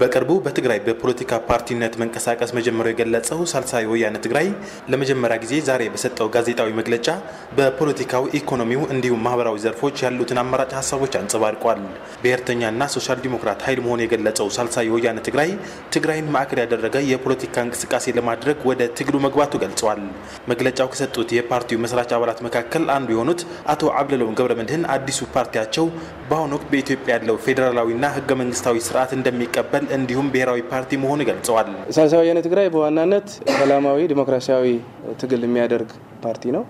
በቅርቡ በትግራይ በፖለቲካ ፓርቲነት መንቀሳቀስ መጀመሩ የገለጸው ሳልሳይ ወያነ ትግራይ ለመጀመሪያ ጊዜ ዛሬ በሰጠው ጋዜጣዊ መግለጫ በፖለቲካው፣ ኢኮኖሚው እንዲሁም ማህበራዊ ዘርፎች ያሉትን አማራጭ ሀሳቦች አንጸባርቋል። ብሔርተኛና ሶሻል ዲሞክራት ኃይል መሆን የገለጸው ሳልሳይ ወያነ ትግራይ ትግራይን ማዕከል ያደረገ የፖለቲካ እንቅስቃሴ ለማድረግ ወደ ትግሉ መግባቱ ገልጸዋል። መግለጫው ከሰጡት የፓርቲው መስራች አባላት መካከል አንዱ የሆኑት አቶ አብለለውን ገብረ መድህን አዲሱ ፓርቲያቸው በአሁኑ ወቅት በኢትዮጵያ ያለው ፌዴራላዊና ህገ መንግስታዊ ስርዓት እንደሚቀበል እንዲሁም ብሔራዊ ፓርቲ መሆኑ ገልጸዋል። ሳልሳይ ወያነ ትግራይ በዋናነት ሰላማዊ ዲሞክራሲያዊ ትግል የሚያደርግ ፓርቲ ነው።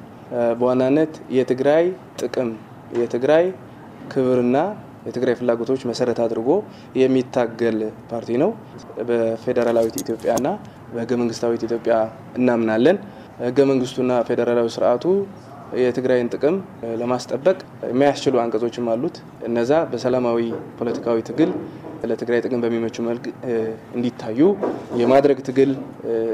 በዋናነት የትግራይ ጥቅም፣ የትግራይ ክብርና የትግራይ ፍላጎቶች መሰረት አድርጎ የሚታገል ፓርቲ ነው። በፌዴራላዊት ኢትዮጵያና በህገ መንግስታዊት ኢትዮጵያ እናምናለን። ህገ መንግስቱና ፌዴራላዊ ስርዓቱ የትግራይን ጥቅም ለማስጠበቅ የሚያስችሉ አንቀጾችም አሉት። እነዛ በሰላማዊ ፖለቲካዊ ትግል ለትግራይ ጥቅም በሚመች መልክ እንዲታዩ የማድረግ ትግል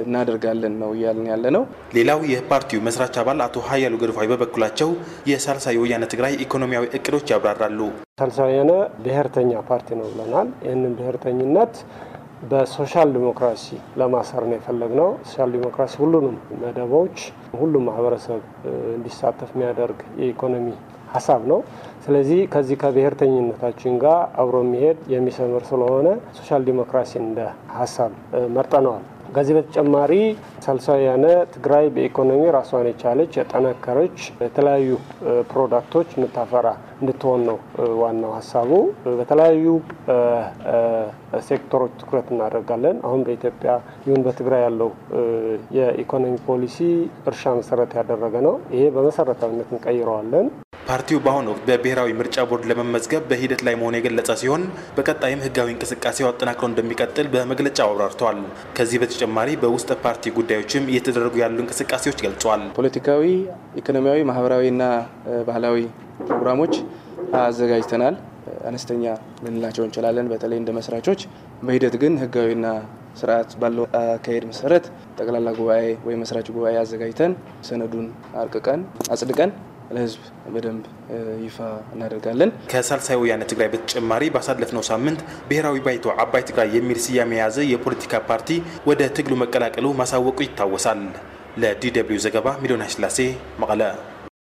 እናደርጋለን ነው እያልን ያለ ነው። ሌላው የፓርቲው መስራች አባል አቶ ሀያሉ ገርፋዊ በበኩላቸው የሳልሳይ ወያነ ትግራይ ኢኮኖሚያዊ እቅዶች ያብራራሉ። ሳልሳይ ወያነ ብሔርተኛ ፓርቲ ነው ብለናል። ይህንን ብሔርተኝነት በሶሻል ዲሞክራሲ ለማሰር ነው የፈለግነው። ሶሻል ዲሞክራሲ ሁሉንም መደቦች፣ ሁሉም ማህበረሰብ እንዲሳተፍ የሚያደርግ የኢኮኖሚ ሀሳብ ነው። ስለዚህ ከዚህ ከብሔርተኝነታችን ጋር አብሮ የሚሄድ የሚሰምር ስለሆነ ሶሻል ዲሞክራሲ እንደ ሀሳብ መርጠነዋል። ከዚህ በተጨማሪ ያነ ትግራይ በኢኮኖሚ ራሷን የቻለች የጠነከረች የተለያዩ ፕሮዳክቶች የምታፈራ እንድትሆን ነው ዋናው ሀሳቡ። በተለያዩ ሴክተሮች ትኩረት እናደርጋለን። አሁን በኢትዮጵያ ይሁን በትግራይ ያለው የኢኮኖሚ ፖሊሲ እርሻ መሰረት ያደረገ ነው። ይሄ በመሰረታዊነት እንቀይረዋለን። ፓርቲው በአሁኑ ወቅት በብሔራዊ ምርጫ ቦርድ ለመመዝገብ በሂደት ላይ መሆኑ የገለጸ ሲሆን በቀጣይም ህጋዊ እንቅስቃሴው አጠናክሮ እንደሚቀጥል በመግለጫው አብራርተዋል። ከዚህ በተጨማሪ በውስጥ ፓርቲ ጉዳዮችም እየተደረጉ ያሉ እንቅስቃሴዎች ገልጿል። ፖለቲካዊ፣ ኢኮኖሚያዊ፣ ማህበራዊና ባህላዊ ፕሮግራሞች አዘጋጅተናል። አነስተኛ ልንላቸው እንችላለን፣ በተለይ እንደ መስራቾች። በሂደት ግን ህጋዊና ስርዓት ባለው አካሄድ መሰረት ጠቅላላ ጉባኤ ወይም መስራች ጉባኤ አዘጋጅተን ሰነዱን አርቅቀን አጽድቀን ለህዝብ በደንብ ይፋ እናደርጋለን። ከሳልሳይ ወያነ ትግራይ በተጨማሪ ባሳለፍነው ሳምንት ብሔራዊ ባይቶ አባይ ትግራይ የሚል ስያሜ የያዘ የፖለቲካ ፓርቲ ወደ ትግሉ መቀላቀሉ ማሳወቁ ይታወሳል። ለዲ ደብልዩ ዘገባ ሚሊዮን ስላሴ መቀለ